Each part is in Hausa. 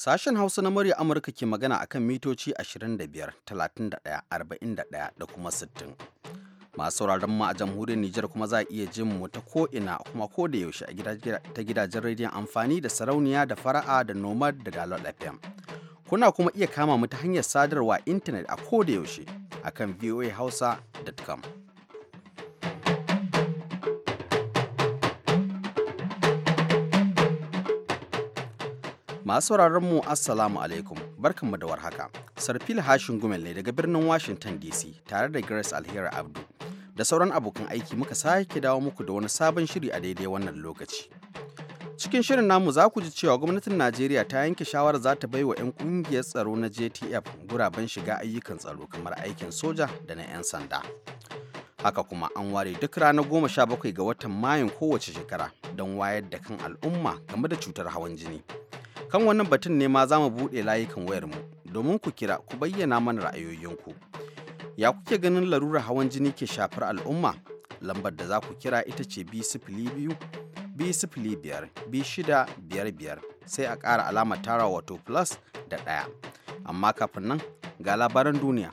Sashen Hausa na murya Amurka ke magana akan mitoci 25, 31, 41 da kuma 60. Masu sauraron mu a jamhuriyar Nijar kuma za a iya jin mu ta ko'ina kuma ko da yaushe a ta gidajen rediyon amfani da sarauniya da fara'a da nomad da dalar FM. Kuna kuma iya kama mu ta hanyar sadarwa intanet a ko da yaushe akan voahausa.com. Masu mu Assalamu alaikum, barkanmu da warhaka. Sarfil Hashin Gumel ne daga birnin Washington DC tare da Grace Alheri Abdu. Da sauran abokan aiki muka sake dawo muku da wani sabon shiri a daidai wannan lokaci. Cikin shirin namu za ku ji cewa gwamnatin Najeriya ta yanke shawarar za ta bai wa 'yan kungiyar tsaro na JTF guraben shiga ayyukan tsaro kamar aikin soja da na 'yan sanda. haka kuma an ware duk ranar goma sha bakwai ga watan mayun kowace shekara don wayar da kan al'umma game da cutar hawan jini Kan wannan batun ne ma za mu buɗe layukan wayarmu domin ku kira ku bayyana mana ra'ayoyinku. Ya kuke ganin larurar hawan jini ke shafar al'umma? Lambar da za ku kira ita ce b biyu b biyar b shida biyar biyar sai a ƙara alamar tara wato plus da ɗaya. Amma kafin nan ga labaran duniya.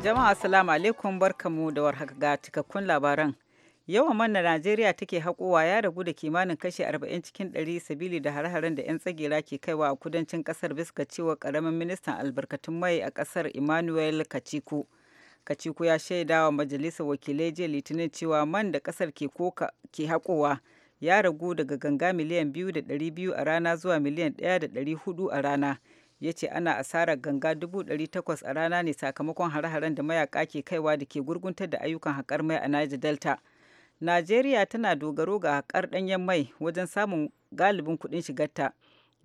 Jama'a salamu alaikum barkamu da warhaka ga cikakkun labaran. yawan manna najeriya take haƙowa ya ragu da kimanin kashe 40 cikin 100 sabili da har-haren da 'yan tsagera ke kaiwa a kudancin ƙasar bisa cewa ƙaramin ministan albarkatun mai a ƙasar emmanuel kaciku kaciku ya shaida wa majalisar wakilai jiya litinin cewa man da ƙasar ke haƙowa ya ragu daga ganga miliyan da biyu a rana zuwa miliyan da hudu a rana ya ce ana asarar ganga 800 a rana ne sakamakon har-haren da mayaka ke kaiwa da ke gurguntar da ayyukan haƙar mai a niger delta Najeriya tana dogaro ga haƙar ɗanyen mai wajen samun galibin kuɗin shigarta,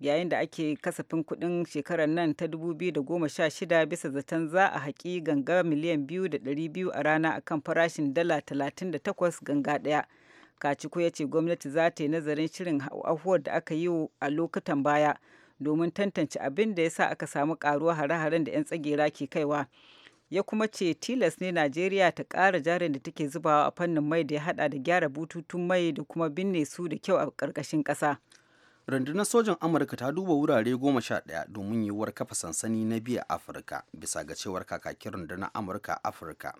yayin da ake kasafin kuɗin shekarar nan ta 2016 bisa zaton za a haƙi ganga miliyan 2.2 a rana akan farashin dala 38 ganga ɗaya. kaciku ya ce gwamnati za ta yi nazarin shirin afuwar da aka yi a lokutan baya domin tantance abin da ya sa aka samu ƙaruwa hare-haren da 'yan tsagera ke kaiwa. ya kuma ce tilas ne najeriya ta ƙara jarin da take zubawa a fannin mai da ya hada da gyara bututun mai da kuma binne su da kyau a ƙarƙashin ƙasa rundunar sojan amurka ta duba wurare goma sha ɗaya domin yiwuwar kafa sansani na biya afirka bisa ga cewar kakakin rundunar amurka afirka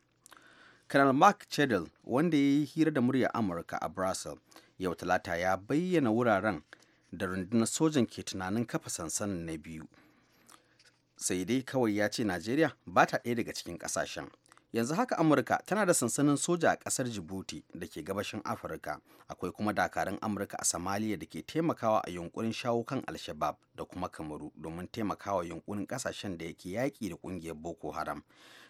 kanal mark chedel wanda ya yi hira da murya amurka a brussels yau talata ya bayyana wuraren da rundunar sojan ke tunanin kafa sansanin na biyu sai dai kawai ya ce najeriya ba ta ɗaya daga cikin ƙasashen yanzu haka amurka tana da sansanin soja a ƙasar jibuti da ke gabashin afirka akwai kuma dakarun amurka a Somalia da ke taimakawa a yunkurin shawo kan alshabab da kuma kamaru domin taimakawa yunkurin ƙasashen da yake yaƙi da ƙungiyar boko haram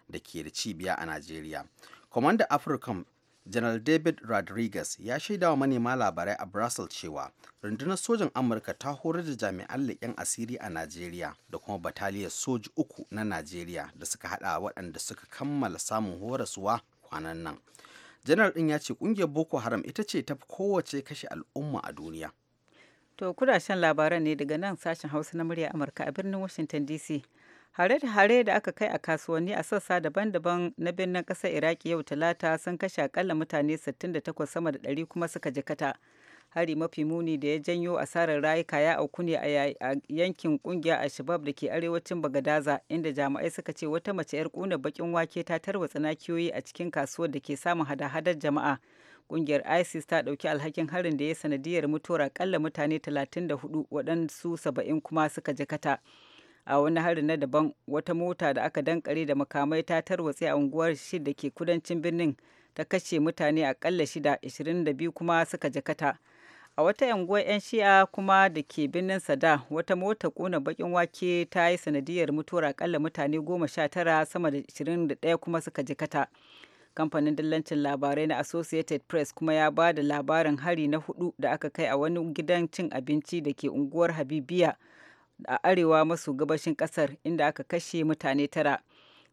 da ke da cibiya a najeriya kwamandan afirka janar david rodriguez ya shaida wa manema labarai a brussels cewa rundunar sojan amurka ta horar da jami'an leƙen asiri a najeriya da kuma bataliyar soji uku na najeriya da suka hada waɗanda suka kammala samun horaswa kwanan nan janar ɗin ya ce ƙungiyar boko haram ita ce ta kowace kashe al'umma a duniya to kudashen labaran ne daga nan sashen hausa na murya amurka a birnin washington dc hare-hare da aka kai a kasuwanni a sassa daban-daban na birnin ƙasar iraki yau talata sun kashe akalla mutane 68 sama da 100 kuma suka jikata hari mafi muni da ya janyo asarar rayuka ya auku ne a yankin kungiya a shabab da ke arewacin bagadaza inda jami'ai suka ce wata mace 'yar kuna bakin wake ta tarwatsa nakiyoyi a cikin kasuwar da ke samun hada-hadar jama'a kungiyar isis ta dauki alhakin harin da ya sanadiyar mutuwar akalla mutane 34 waɗansu 70 kuma suka jakata. a wani hari na daban wata mota da aka dankare da makamai ta tarwatse a unguwar shida ke kudancin birnin ta kashe mutane akalla shida 22 kuma suka jakata a wata unguwar 'yan shi'a kuma da ke birnin sada wata mota kuna bakin wake ta yi sanadiyar mutuwar akalla mutane goma sha tara sama da 21 kuma suka jikata kamfanin dillancin labarai na associated press kuma ya ba da labarin hari na hudu da aka kai a wani gidan cin abinci da ke unguwar habibiya a arewa maso gabashin kasar inda aka kashe mutane tara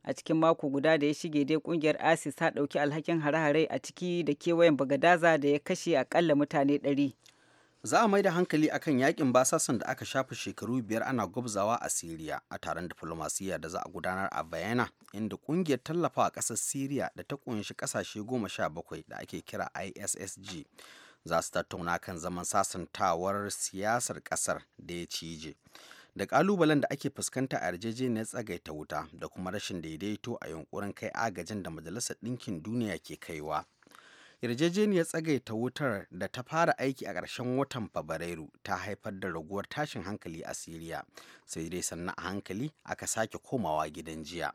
a cikin mako guda da ya shige dai kungiyar isis ta dauki alhakin hare-hare a ciki da kewayen bagadaza da ya kashe akalla mutane 100 za a mai da hankali akan yakin basasan da aka shafe shekaru biyar ana gwabzawa a siriya a taron diflomasiyya da za a gudanar a bayana inda kungiyar tallafawa a ƙasar siriya da ta kunshi ƙasashe goma sha bakwai da ake kira issg za su tattauna kan zaman sasantawar siyasar kasar da ya cije da ƙalubalen da ake fuskanta a yarjejeniyar tsagaita wuta da kuma rashin daidaito a yunkurin kai agajin da majalisar ɗinkin duniya ke kaiwa yarjejeniyar tsagaita wutar da ta fara aiki a ƙarshen watan fabrairu ta haifar da raguwar tashin hankali a siriya sai dai sannan a hankali aka sake komawa gidan jiya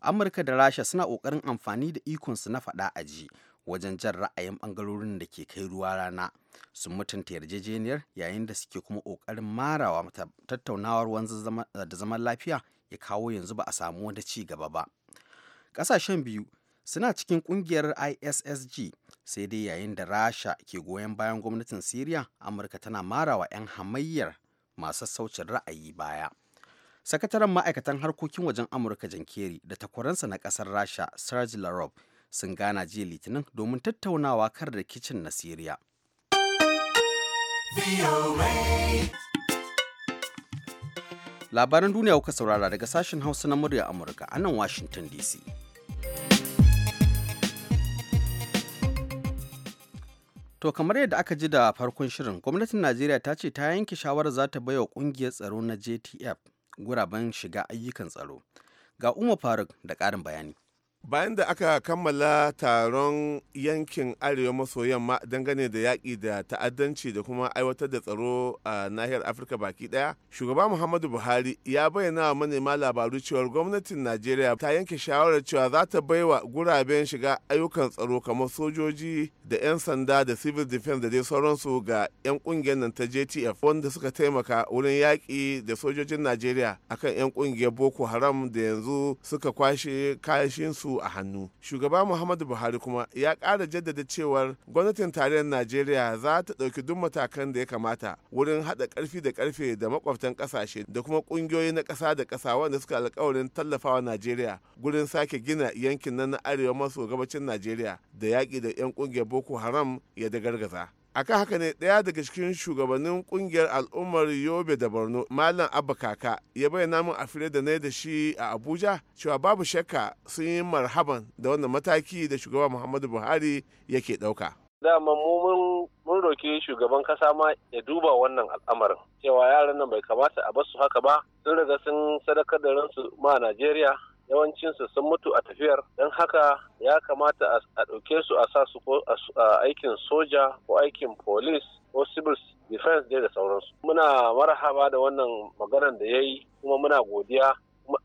amurka da rasha suna ƙoƙarin amfani da ikonsu na faɗa a ji wajen jan ra'ayin ɓangarorin da ke kai ruwa rana sun mutunta yarjejeniyar yayin da suke kuma ƙoƙarin marawa tattaunawar wanzu da zaman lafiya ya kawo yanzu ba a samu wani ci gaba ba ƙasashen biyu suna cikin ƙungiyar issg sai dai yayin da rasha ke goyon bayan gwamnatin syria amurka tana marawa 'yan hamayyar masu saucin ra'ayi baya sakataren ma'aikatan harkokin wajen amurka jan da takwaransa na ƙasar rasha serge larobe. sun gana jiya litinin domin tattaunawa kan rikicin na siriya labaran duniya kuka saurara daga sashen hausa na murya amurka a nan washington dc To kamar yadda aka ji da farkon shirin, gwamnatin Najeriya ta ce ta yanke shawarar za ta baiwa kungiyar tsaro na JTF guraben shiga ayyukan tsaro. Ga Umar Faruk da karin bayani. bayan da aka kammala taron yankin arewa maso yamma dangane da yaƙi da ta'addanci da kuma aiwatar da tsaro a nahiyar afirka baki ɗaya shugaba muhammadu buhari ya bayyana wa manema labaru cewar gwamnatin najeriya ta yanke shawarar cewa za ta baiwa guraben shiga ayyukan tsaro kamar sojoji da 'yan sanda da civil defense da dai sauransu ga 'yan kungiyar nan ta jtf wanda suka taimaka wurin yaƙi da sojojin najeriya akan 'yan kungiyar boko haram da yanzu suka kwashe kashinsu. a hannu shugaba muhammadu buhari kuma ya ƙara jaddada cewar gwamnatin tarayyar najeriya za ta ɗauki duk matakan da ya kamata wurin haɗa karfi da ƙarfe da makwabtan ƙasashe da kuma ƙungiyoyi na ƙasa da ƙasa wanda suka alkawarin tallafawa najeriya gurin sake gina yankin nan na arewa maso gabacin najeriya da yaƙi da 'yan ƙungiyar boko haram ya da gargaza akan haka ne ɗaya daga cikin shugabannin kungiyar al'ummar yobe da borno malam abba kaka ya bayyana min a fili da na da shi a abuja cewa babu shakka sun yi marhaban da wannan mataki da shugaba muhammadu buhari yake ɗauka dama mu mun roki shugaban kasa ma ya duba wannan al'amarin cewa yaran nan bai kamata a basu haka ba sun riga sun sadakar da ransu ma a najeriya yawancinsu sun mutu a tafiyar don haka ya kamata a ɗauke su a sa su ko aikin soja ko aikin police ko civil defense dai da sauransu muna marhaba da wannan maganar da ya yi kuma muna godiya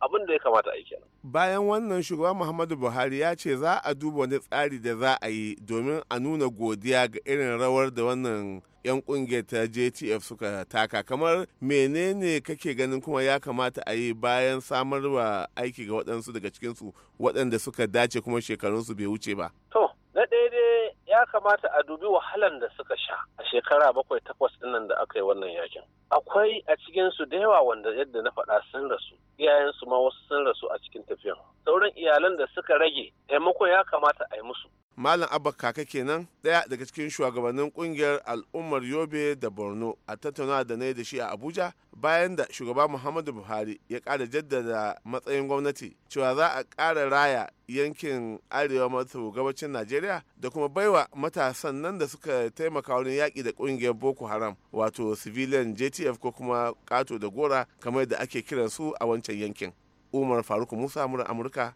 abin da ya kamata a yi kenan. Bayan wannan shugaban Muhammadu Buhari ya ce za a duba wani tsari da za a yi domin a nuna godiya ga irin rawar da wannan 'yan kungiyar ta JTF suka taka kamar menene kake ganin kuma ya kamata a yi bayan samar wa aiki ga waɗansu daga cikinsu waɗanda suka dace kuma shekarunsu bai wuce ba. To, na ɗaya dai ya kamata a dubi wahalan da suka sha a shekara bakwai takwas ɗinnan da aka yi wannan yakin. akwai a cikinsu da yawa wanda yadda na faɗa sun rasu iyayensu ma wasu sun rasu a cikin tafiyan sauran iyalan da suka rage taimako ya kamata a yi musu malam abba kaka kenan ɗaya daga cikin shugabannin kungiyar al'ummar yobe da borno a tattauna da na da shi a abuja bayan da shugaba muhammadu buhari ya ƙara jaddada matsayin gwamnati cewa za a ƙara raya yankin arewa maso gabacin najeriya da kuma baiwa matasan nan da suka taimaka wurin yaƙi da kungiyar boko haram wato civilian jt atf ko kuma kato da gora kamar da ake kiran su a wancan yankin umar faruk musa mura amurka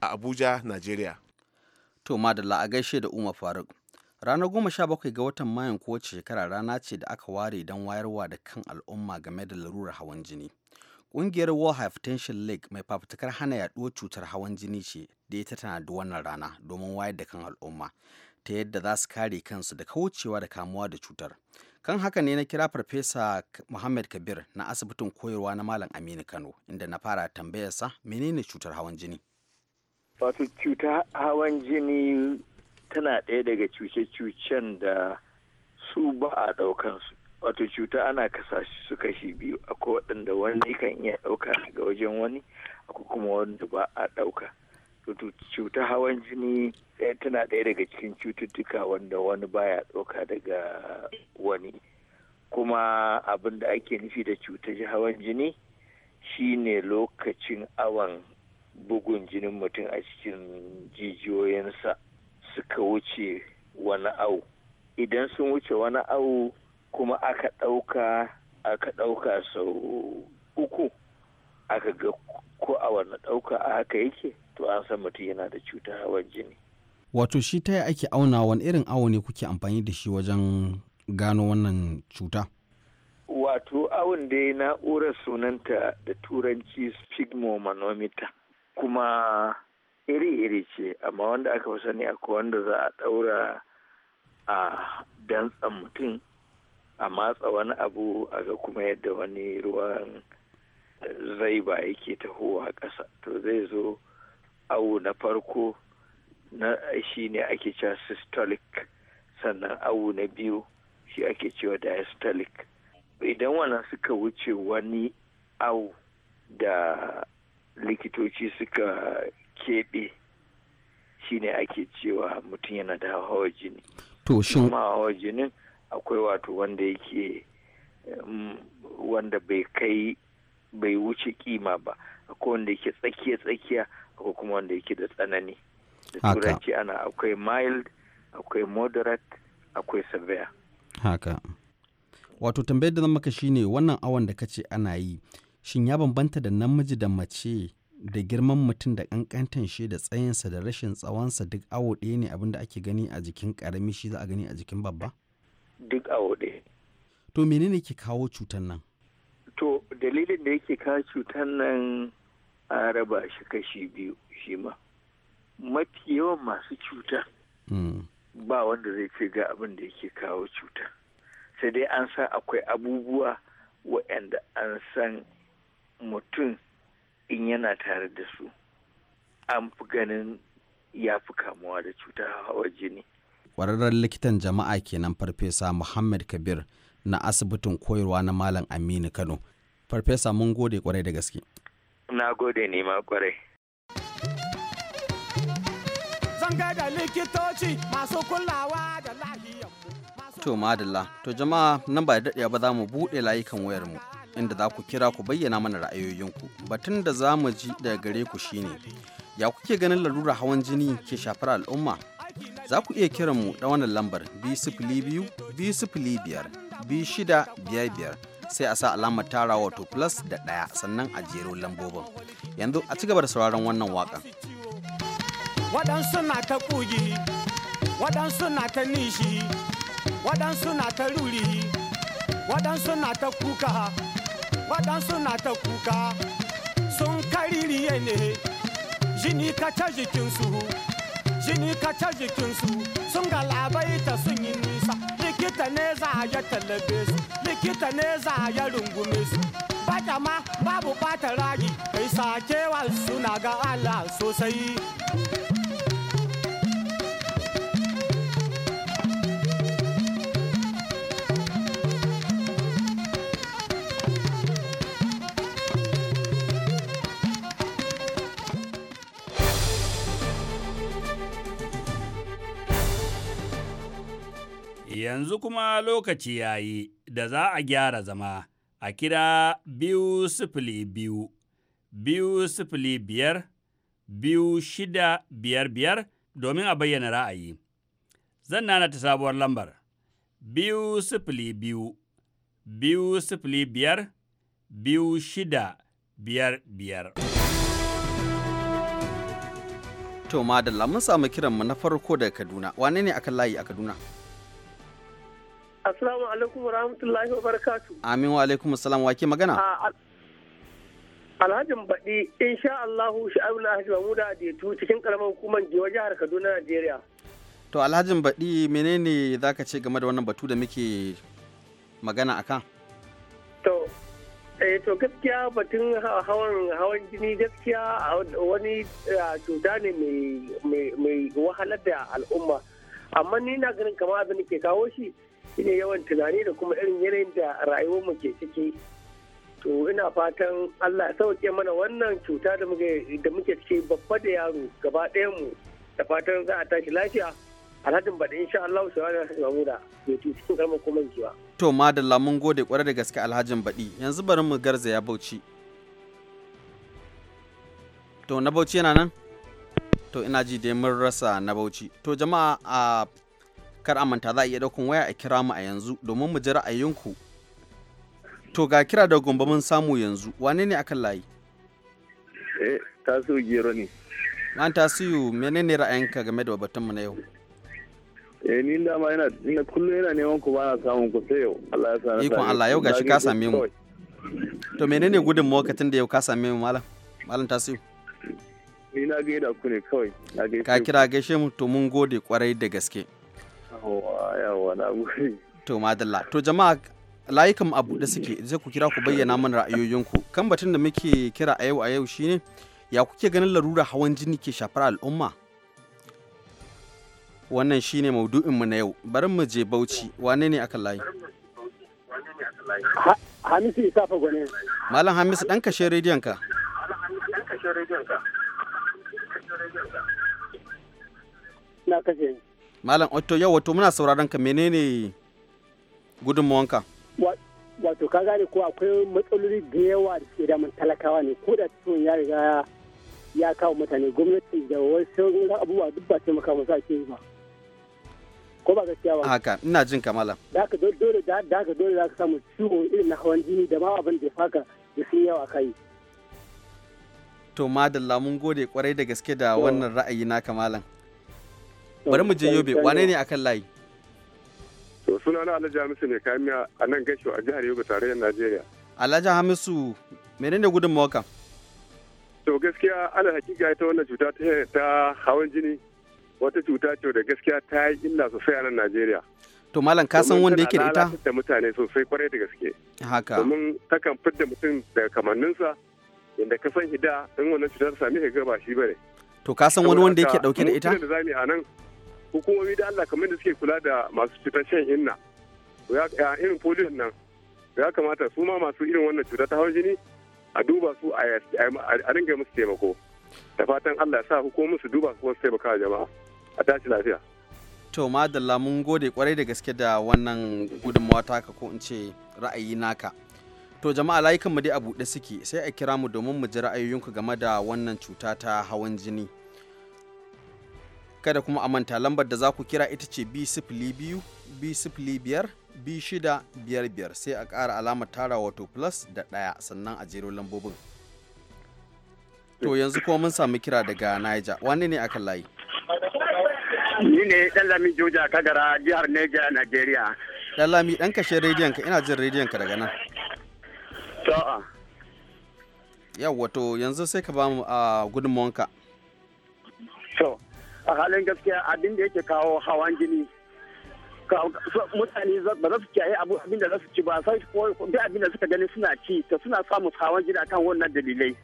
a abuja nigeria to madalla a gaishe da umar faruk ranar goma sha bakwai ga watan mayan kowace shekara rana ce da aka ware don wayarwa da kan al'umma game da larurar hawan jini ƙungiyar world hypertension league mai fafutukar hana yaɗuwar cutar hawan jini ce da ita tana da wannan rana domin wayar da kan al'umma ta yadda za su kare kansu da kaucewa da kamuwa da cutar kan haka ne na kira farfesa muhammad kabir na asibitin koyarwa na malam aminu kano inda na fara tambayarsa menene cutar hawan jini wato cuta hawan jini tana ɗaya daga cuce-cucen da su ba a ɗaukansu wato cuta ana kasa su kashi biyu akwai waɗanda wani kan iya ɗauka daga wajen wani akwai kuma wanda ba a ɗauka cutar hawan jini eh, tana ɗaya daga cikin cututtuka wanda wani baya ɗauka daga wani kuma abin da ake nufi da cutar hawan jini shine lokacin awan bugun jinin mutum a cikin jijiyoyinsa suka wuce wani au idan sun wuce wani au kuma aka ɗauka aka ɗauka sau uku aka ga ko a wani ɗauka a haka yake to an san mutum yana da cutar hawan jini wato shi ta yi ake auna wani irin awo ne kuke amfani da shi wajen gano wannan cuta wato awon dai na'urar sunanta da turanci sphygmomanometer kuma iri-iri ce amma wanda aka fi sani akwai wanda za a ɗaura a dantsan mutum a matsa wani abu a ga kuma yadda wani ruwan zai ba yake tahowa ƙasa to zai zo awo na farko na shi ne ake cewa systolic sannan awo na biyu shi ake cewa diastolic idan wana suka wuce wani awo da likitoci suka keɓe shi ne ake cewa mutum yana da hawa jini to shin kuma hawa jinin akwai wato wanda yake mm, wanda bai kai bai wuce kima ba akwai wanda yake tsakiya tsakiya akwai kuma wanda yake da tsanani da turanci ana akwai mild akwai moderate akwai severe haka wato tambayar da zan maka shine wannan awon da kace ana yi shin ya bambanta da namiji da mace da girman mutum da kankantan shi da tsayinsa da rashin tsawonsa duk awo ɗaya ne abinda ake gani a jikin karami shi za a gani a jikin babba duk awo ɗaya to menene ke kawo cutar nan to dalilin da yake ka cutar nan a raba shi kashi biyu shi ma mafi yawan masu cuta hmm. ba wanda zai ce ga abin da yake kawo cuta sai dai an san akwai abubuwa waɗanda an san mutum in yana tare da su an fi ganin ya fi kamuwa da cuta hawa jini. Ƙwararren likitan jama'a kenan farfesa Muhammad Kabir na asibitin koyarwa na Malam Aminu Kano. Farfesa mun gode kwarai da gaske. Na gode ne ma kwarai. Zan da likitoci masu kulawa da lahiyar. To madalla, to jama'a nan ba da ba za mu buɗe layukan wayar mu. inda za ku kira ku bayyana mana ra'ayoyinku batun da za mu ji daga gare ku shine ya kuke ganin larura hawan jini ke shafar al'umma za ku iya kiran mu da wannan lambar 2 0 biyar. 2655 sai a sa alamar tara wato plus da ɗaya sannan a jero lambobin yanzu a ci gaba da sauraron wannan waƙan. waɗansu na ta ƙugi waɗansu na ta nishi waɗansu na ta ruri waɗansu na ta kuka waɗansu na ta kuka sun kariri ne jini ka ca jikinsu jini ka ca jikinsu sun galabaita sun yi nisa ne za ya talabe su likita ne za ya rungume su batama ma babu bata ragi kai sakewa suna ga Allah sosai yanzu kuma lokaci ya yi da za a gyara zama a kira biyu sifili biyu, biyu sifili biyar, biyu shida biyar biyar domin a bayyana ra'ayi. Zan nana ta sabuwar lambar, biyu sifili biyu, biyu sifili biyar, biyu shida biyar biyar. To, madalla mun samu kiranmu na farko daga Kaduna, wane ne akan layi a Kaduna? Assalamu alaikum wa wa barakatu. Amin wa alaikum assalam wake magana? Ah, Alhajin baɗi insha Allahu sha'abul Alhaji Mahmuda Adetu cikin karamar hukumar Jiwa jihar Kaduna Najeriya. To Alhajin baɗi menene ka ce game da wannan batu da muke magana akan? To eh to gaskiya batun hawan hawan jini gaskiya wani cuta ne mai wahalar da al'umma amma ni na ganin kamar abin da ke kawo shi shine yawan tunani da kuma irin yanayin da rayuwar mu ke ciki to ina fatan Allah ya sauke mana wannan cuta da muke da muke ciki babba da yaro gaba ɗaya mu da fatan za a tashi lafiya alhadin baɗi insha Allah su wani hasu mamuda da ke cikin karmar kuma jiwa. To madalla mun gode kwarai da gaske alhajin baɗi yanzu bari mu garza ya bauchi. To na bauchi yana nan? To ina ji dai mun rasa na bauchi. To jama'a a kar a manta za a iya daukan waya a kira mu a yanzu domin mu ji ra'ayinku to ga kira da gombe mun samu yanzu wane ne akan layi eh tasu gero ne an tasiyu menene ra'ayinka game da batun mu na yau eh ni da ma yana ina kullum yana neman ku na samun ku sai yau Allah ya sa na ikon Allah yau gashi ka same mu to menene gudun mawakatin da yau ka same mu malam malam tasiyu ni na gaida ku ne kawai ka kira gaishe mu to mun gode kwarai da gaske to madalla to jama'a layukan a buɗe suke zai ku kira ku bayyana mana ra'ayoyinku kan batun da muke kira a yau a yau shine ya kuke ganin larura hawan jini ke shafar al'umma wannan shine maudu'in mu na yau bari mu je Bauchi wane ne aka layi Hamisu fa Gwane Malam Hamisu dan kashe rediyon ka Na kashe malam otto yau wato muna sauraron ka menene gudunmawanka wato ka gane ko akwai matsaloli da yawa da ke damun talakawa ne ko da ciwon ya riga ya kawo mutane gwamnati da wasu abubuwa duk ba taimaka musu ake yi ba ko ba gaskiya ba haka ina jin kamala da ka dole da ka dole za ka samu ciwo irin na hawan jini da ma abin da ya faka da sun yawa kai to madalla mun gode kwarai da gaske da wannan ra'ayi na kamalan bari mu je yobe wane ne akan layi to suna na alhaji hamisu kayan miya a nan gashi a jihar yobe tarayyar najeriya alhaji hamisu menene gudun mawaka to gaskiya ala hakika ita wannan cuta ta hawan jini wata cuta ce da gaskiya ta yi illa sosai a nan najeriya to malam ka san wanda yake da ita da mutane sosai kwarai da gaske haka domin takan fidda mutum daga kamanninsa inda ka san hida in wannan cutar sami ka ga ba shi bane to ka san wani wanda yake dauke da ita da a nan hukumomi da Allah kamar da suke kula da masu cutar shan inna irin polio nan ya kamata su ma masu irin wannan cuta ta hawan jini a duba su a ringa musu taimako da fatan Allah ya sa hukumomi su duba su wasu taimaka jama'a a tashi lafiya to madalla mun gode kwarai da gaske da wannan gudunmawa ka ko in ce ra'ayi naka to jama'a layukan mu dai a buɗe suke sai a kira mu domin mu ji ra'ayoyinku game da wannan cuta ta hawan jini kada kuma a manta lambar da za ku kira ita ce b biyu b biyar b shida biyar biyar sai a ƙara alamar tara wato plus da ɗaya sannan a jero lambobin to yanzu kuma mun sami kira daga niger wani ne aka layi ni ne dan lami joja kagara jihar neja nigeria dan lami dan kashe rediyon ka ina jin rediyon ka daga nan to yawa to yanzu sai ka ba mu a ah, gudunmawanka to a halin gaskiya abin da yake kawo hawan jini mutane ba za su kiyaye abin da za su ci ba sai bi abin da suka gani suna ci to suna samun hawan jini akan wannan dalilai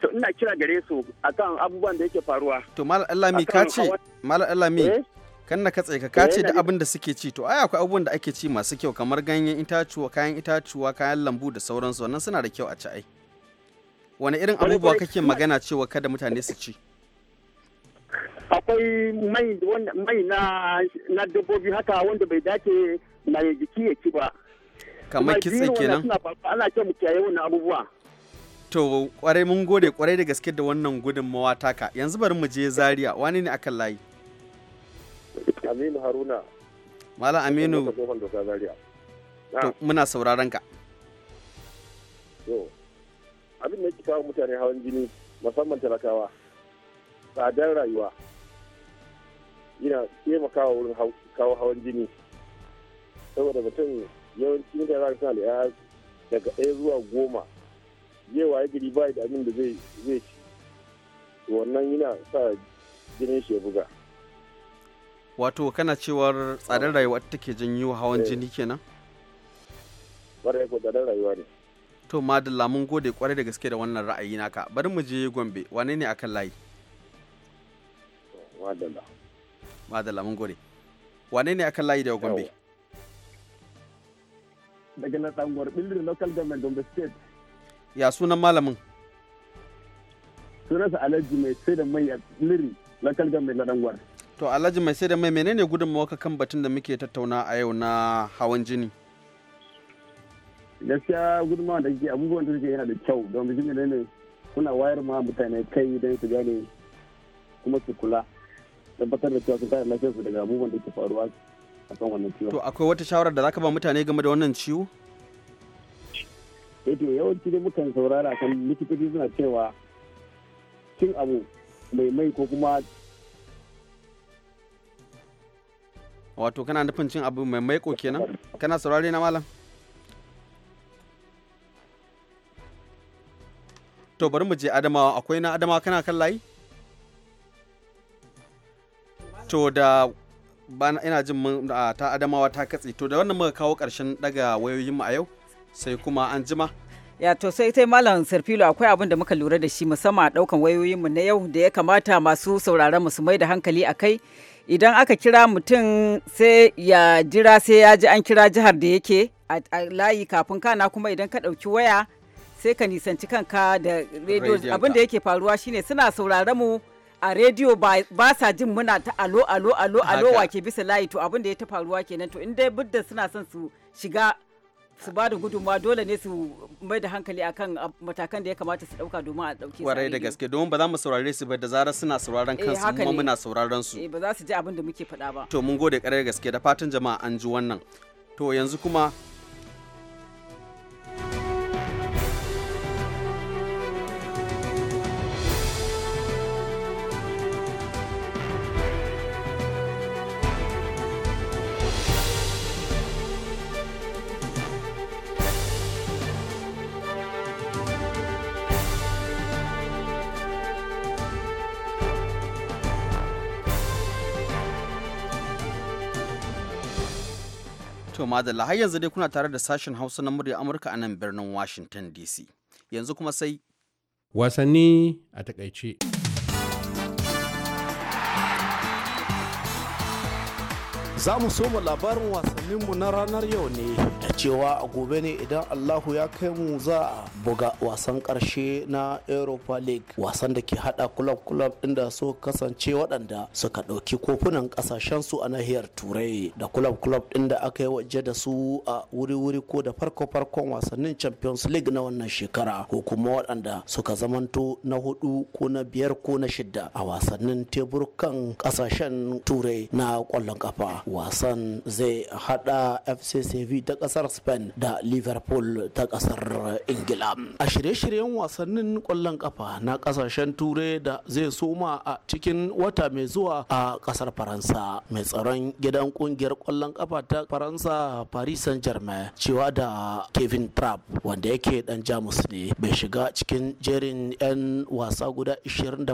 to ina kira gare su akan abubuwan da yake faruwa to malam alami ka ce malam alami eh? kan na katse ka ka ce eh, da abin da suke ci to ai akwai abubuwan da ake ci masu kyau kamar ganyen itacuwa kayan itacuwa kayan lambu da sauransu wannan suna da kyau a ci ai wani irin abubuwa kake magana cewa kada mutane su ci akwai mai na dabbobi haka wanda bai dace mai jiki ya ci ba kamar kitse kenan ana ce mu kiyaye wannan abubuwa to kwarai mun gode kwarai da gaske da wannan gudunmawa taka yanzu bari mu je zaria wani ne akan layi aminu haruna malam aminu to muna sauraron ka abin da yake kawo mutane hawan jini musamman talakawa tsadar rayuwa yana taimakawa wurin kawo hawan jini saboda mutum yawanci da za ka da daga ɗaya zuwa goma zai wa gari ba da abin da zai ci wannan yana sa jinin shi ya buga wato kana cewar tsadar rayuwa take janyo hawan eh. jini kenan ƙwarai ko tsadar rayuwa ne to madalla mun gode kwarai da gaske da wannan ra'ayi naka bari mu je gombe wane ne akan layi madalla madalla mun gode wane ne akan layi da gombe daga na tsangwar bildirin local government gombe state ya sunan malamin sunansa alhaji mai sai da mai a liri local government na dangwar to alhaji mai sai da mai menene gudunmawa ka kan batun da muke tattauna a yau na hawan jini gaskiya gudunmawa da ke abubuwan da suke yana da kyau don bijin ne kuna wayar ma mutane kai don su gane kuma su kula tabbatar da cewa sun kare lafiyar su daga abubuwan da ke faruwa a kan wannan ciwon. To akwai wata shawarar da zaka ba mutane game da wannan ciwo? Eh to yawanci dai mukan saurara kan likitoci suna cewa cin abu mai mai ko kuma Wato kana nufin cin abu mai maiko kenan? Kana saurare na malam? To bari mu je Adamawa akwai na Adamawa kana kan layi? to da ina jin ta adamawa ta katse to da wannan muka kawo karshen daga wayoyinmu a yau sai kuma an jima ya to sai tai malam sarfilo akwai abin da muka lura da shi musamman a daukan wayoyinmu na yau da ya kamata masu sauraron mu su mai da hankali a kai idan aka kira mutum sai ya jira sai ya ji an kira jihar da yake a layi kafin kana kuma idan ka ɗauki waya sai ka nisanci kanka da rediyo abin da yake faruwa shine suna sauraron mu a rediyo ba sa jin muna ta alo alo alo alo wake bisa layi to abin da ya ta faruwa kenan to in dai budda suna son su shiga su ba da gudunmawa dole ne su mai da hankali akan ah, matakan da ya kamata su dauka domin a dauke kwarai da gaske domin ba za mu saurare su ba da zarar suna sauraron eh, kansu kuma muna sauraron su eh, ba za su ji abin da muke faɗa ba to mun gode kwarai gaske da fatan jama'a an ji wannan to yanzu kuma To madalla har yanzu dai kuna tare da sashen Hausa na murya Amurka a nan birnin Washington DC. Yanzu kuma sai wasanni a takaice. za mu soma labarin wasanninmu na ranar yau ne cewa a gobe ne idan allahu ya kai mu za a buga wasan karshe na europa league wasan da ke hada club club ɗin da so kasance waɗanda suka ɗauki kofunan ƙasashen su a nahiyar turai da club club ɗin da aka yi waje da su a wuri-wuri ko da farko-farkon wasannin champions league na wannan shekara ko kuma waɗanda suka zamanto na hudu ko na biyar ko na shidda a wasannin teburkan ƙasashen turai na ƙwallon kafa wasan zai hada fc ta ƙasar Spain da Liverpool ta ƙasar Ingila. A shirye-shiryen wasannin kwallon ƙafa na ƙasashen Turai da zai soma a cikin wata mai zuwa a ƙasar Faransa. Mai tsaron gidan ƙungiyar kwallon ƙafa ta Faransa Paris Saint-Germain cewa da Kevin Trapp wanda yake dan Jamus ne bai shiga cikin jerin 'yan wasa guda 27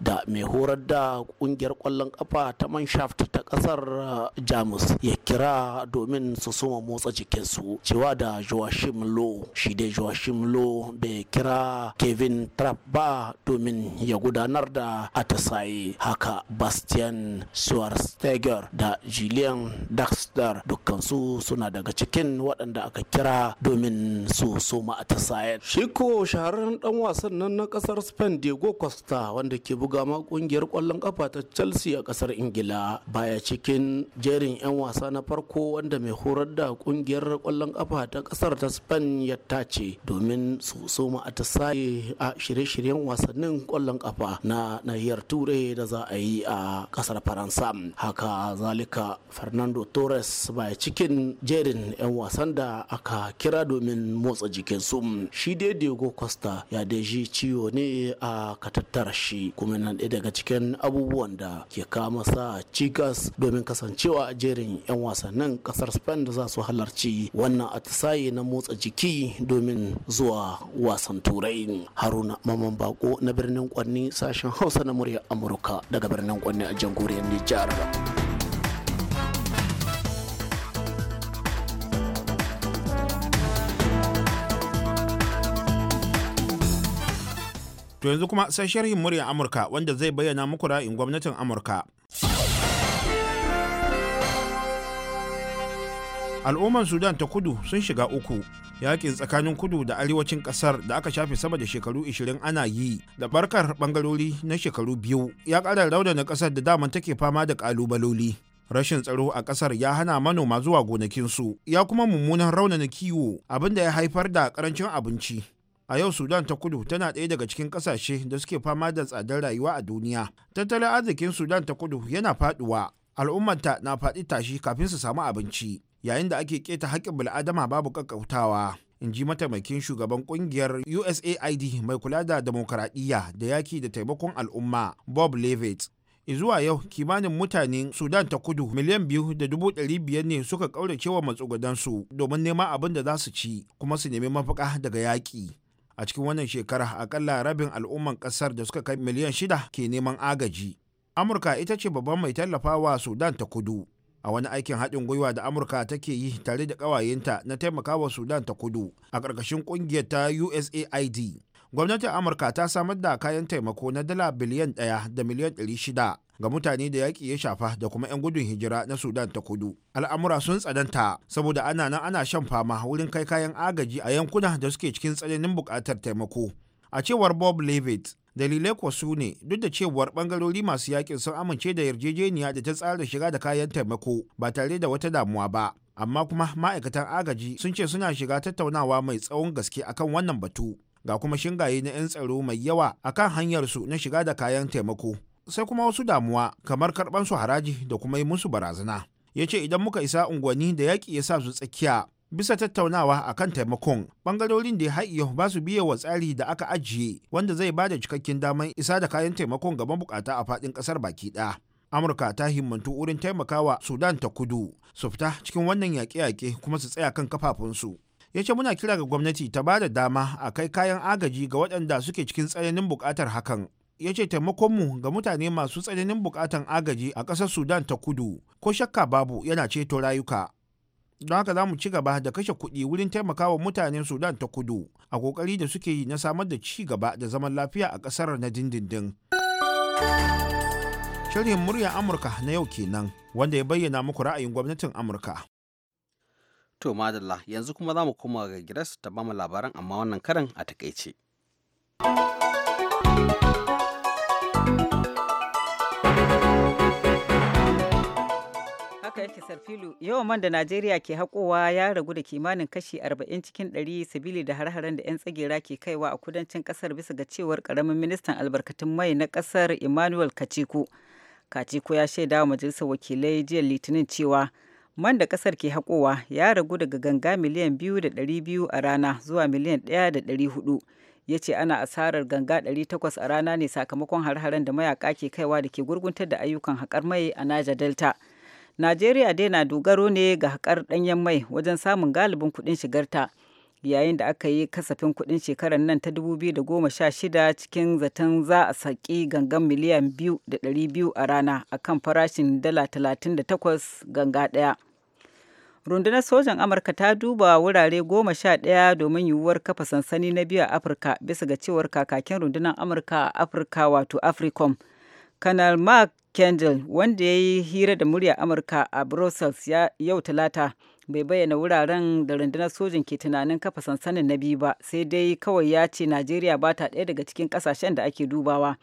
da mai horar da ƙungiyar ƙwallon ƙafa ta Manshaft ta ƙasar Jamus ya kira domin su soma motsa jikinsu. su cewa da joachim low shi dai joachim low bai kira kevin trapp ba domin ya gudanar da atasaye haka bastian schwarzenegger da julian daxter dukkansu suna daga cikin waɗanda aka kira domin su soma atasayen shi ko shahararren dan wasan nan na kasar spain diego costa wanda ke buga ma kungiyar kwallon kafa ta chelsea a kasar ingila baya cikin jerin 'yan wasa na farko wanda mai horar da kungiyar gasar kwallon kafa ta kasar ta spain ya tace domin su soma a tasaye a shirye-shiryen wasannin kwallon kafa na nahiyar turai da za a yi a kasar faransa haka zalika fernando torres baya cikin jerin 'yan wasan da aka kira domin motsa jikin su shi dai diego costa ya daji ciwo ne a katattar shi kuma nan ɗaya daga cikin abubuwan da ke kama sa cikas domin kasancewa a jerin 'yan wasannin kasar spain da za su halarci wannan atisaye na motsa jiki domin zuwa wasan turai haruna maman bako na birnin kwanni sashen hausa na murya amurka daga birnin kwanni a jamhuriyar nijar To yanzu kuma sai sharhin muryar Amurka wanda zai bayyana muku ra'ayin gwamnatin Amurka. al'ummar sudan ta kudu sun shiga uku yakin tsakanin kudu da arewacin kasar da aka shafe sama da shekaru 20 ana yi da barkar bangarori na shekaru biyu ya kara raunana kasar da daman take fama da ƙalubaloli rashin tsaro a kasar ya hana manoma zuwa gonakinsu ya kuma mummunan raunana kiwo abinda ya haifar da karancin abinci a yau sudan ta kudu tana ɗaya daga cikin ƙasashe da suke fama da tsadar rayuwa a duniya tattalin arzikin sudan ta kudu yana faduwa al'ummata na faɗi tashi kafin su samu abinci yayin da ake keta haƙƙin bil'adama babu ƙaƙƙautawa in ji mataimakin shugaban ƙungiyar usaid mai kula da demokuraɗiyya da yaki da taimakon al'umma bob levitt zuwa yau kimanin mutane sudan ta kudu miliyan biyu da dubu ɗari biyar ne suka ƙaurace wa su domin neman abin da za su ci kuma su nemi mafaka daga yaƙi a cikin wannan shekara akalla rabin al'umman ƙasar da suka kai miliyan shida ke neman agaji amurka ita ce babban mai tallafawa sudan ta kudu a wani aikin haɗin gwiwa da amurka take yi tare da ƙawayenta na taimakawa sudan ta kudu a ƙarƙashin ƙungiyar ta usaid gwamnatin amurka ta samar da kayan taimako na dala biliyan ɗaya da miliyan ɗari shida ga mutane da yaƙi ya shafa da kuma 'yan gudun hijira na sudan ta kudu al'amura sun tsananta saboda ana nan ana shan fama wurin kai kayan agaji a yankuna da suke cikin tsananin buƙatar taimako a cewar bob levitt dalilai kuwa su ne duk da cewar bangarori masu yakin sun amince da yarjejeniya da ta tsara shiga da kayan taimako ba tare da wata damuwa ba amma kuma ma'aikatan agaji sun ce suna shiga tattaunawa mai tsawon gaske akan wannan batu ga kuma shingaye na 'yan tsaro mai yawa akan hanyarsu na shiga da kayan taimako sai kuma wasu damuwa kamar karban su haraji da kuma yi musu barazana ya ce idan muka isa unguwanni da yaƙi ya sa su tsakiya bisa tattaunawa a kan taimakon bangarorin da ya ba su biye wa tsari da aka ajiye wanda zai ba da cikakken damar isa da kayan taimakon ga mabukata a faɗin ƙasar baki ɗaya amurka ta himmantu wurin taimakawa sudan ta kudu su fita cikin wannan yaƙe-yaƙe kuma su tsaya kan kafafunsu ya ce muna kira ga gwamnati ta ba da dama a kai kayan agaji ga waɗanda suke cikin tsananin buƙatar hakan ya ce taimakonmu ga mutane masu tsananin buƙatar agaji a ƙasar sudan ta kudu ko shakka babu yana ceto rayuka don haka za mu ci gaba da kashe kuɗi wurin taimakawa mutanen sudan ta kudu a kokari da suke yi na samar da ci gaba da zaman lafiya a ƙasar na dindindin shirin murya amurka na yau kenan wanda ya bayyana muku ra'ayin gwamnatin amurka to madalla yanzu kuma za mu koma ga gidas ta bamu labaran amma wannan karan a takaice. Sarfilu. Yawan man da Najeriya ke haƙowa ya ragu da kimanin kashi 40 cikin 100 sabili da har-haren da 'yan tsagera ke kaiwa a kudancin kasar bisa ga cewar karamin ministan albarkatun mai na kasar Emmanuel Kaciku. Kaciku ya shaida wa majalisar wakilai jiya Litinin cewa man da kasar ke haƙowa ya ragu daga ganga miliyan 2.200 a rana zuwa miliyan 1.400. ya ce ana asarar ganga 800 a rana ne sakamakon har-haren da mayaka ke kaiwa da ke gurguntar da ayyukan haƙar mai a Niger Delta. Najeriya dai na dogaro ne ga haƙar ɗanyen mai wajen samun galibin kuɗin shigarta yayin da aka yi kasafin kuɗin shekarar nan ta 2016 cikin zaton za a saki gangan miliyan 2.200 a rana a kan farashin dala 38 ganga ɗaya. rundunar sojan amurka ta duba wurare goma sha ɗaya domin yiwuwar kafa sansani na biyu a afirka bisa ga cewar kakakin rundunar amurka a afirka wato africom Kanal mark kendall wanda ya yi hira da murya amurka a brussels yau talata bai bayyana wuraren da rundunar sojin ke tunanin kafa sansanin na biyu ba sai dai kawai ya ce najeriya ba ta ɗaya daga cikin ƙasashen da ake dubawa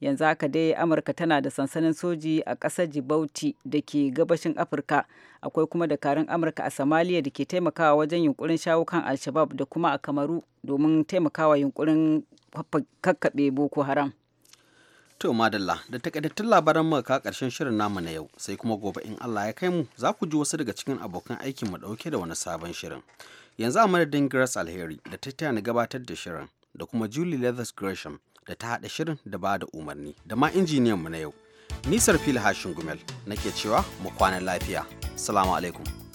yanzu haka dai amurka tana da sansanin soji a ƙasar djibouti da ke gabashin afirka akwai kuma dakarun amurka a samaliya da ke taimakawa wajen yunkurin shawo kan alshabab da kuma a kamaru domin taimakawa yunkurin kakkaɓe boko haram To madalla da takaitattun labaran muka karshen shirin namu na yau sai kuma gobe in Allah ya kai mu za ku ji wasu daga cikin abokan aikin mu dauke da wani sabon shirin. Yanzu a madadin Grace Alheri da ta tana gabatar da shirin da kuma Julie Leathers Gresham da ta haɗa shirin da ba da umarni da ma injiniyan mu na yau. Nisar Fili Hashin Gumel nake cewa mu kwana lafiya. Salamu alaikum.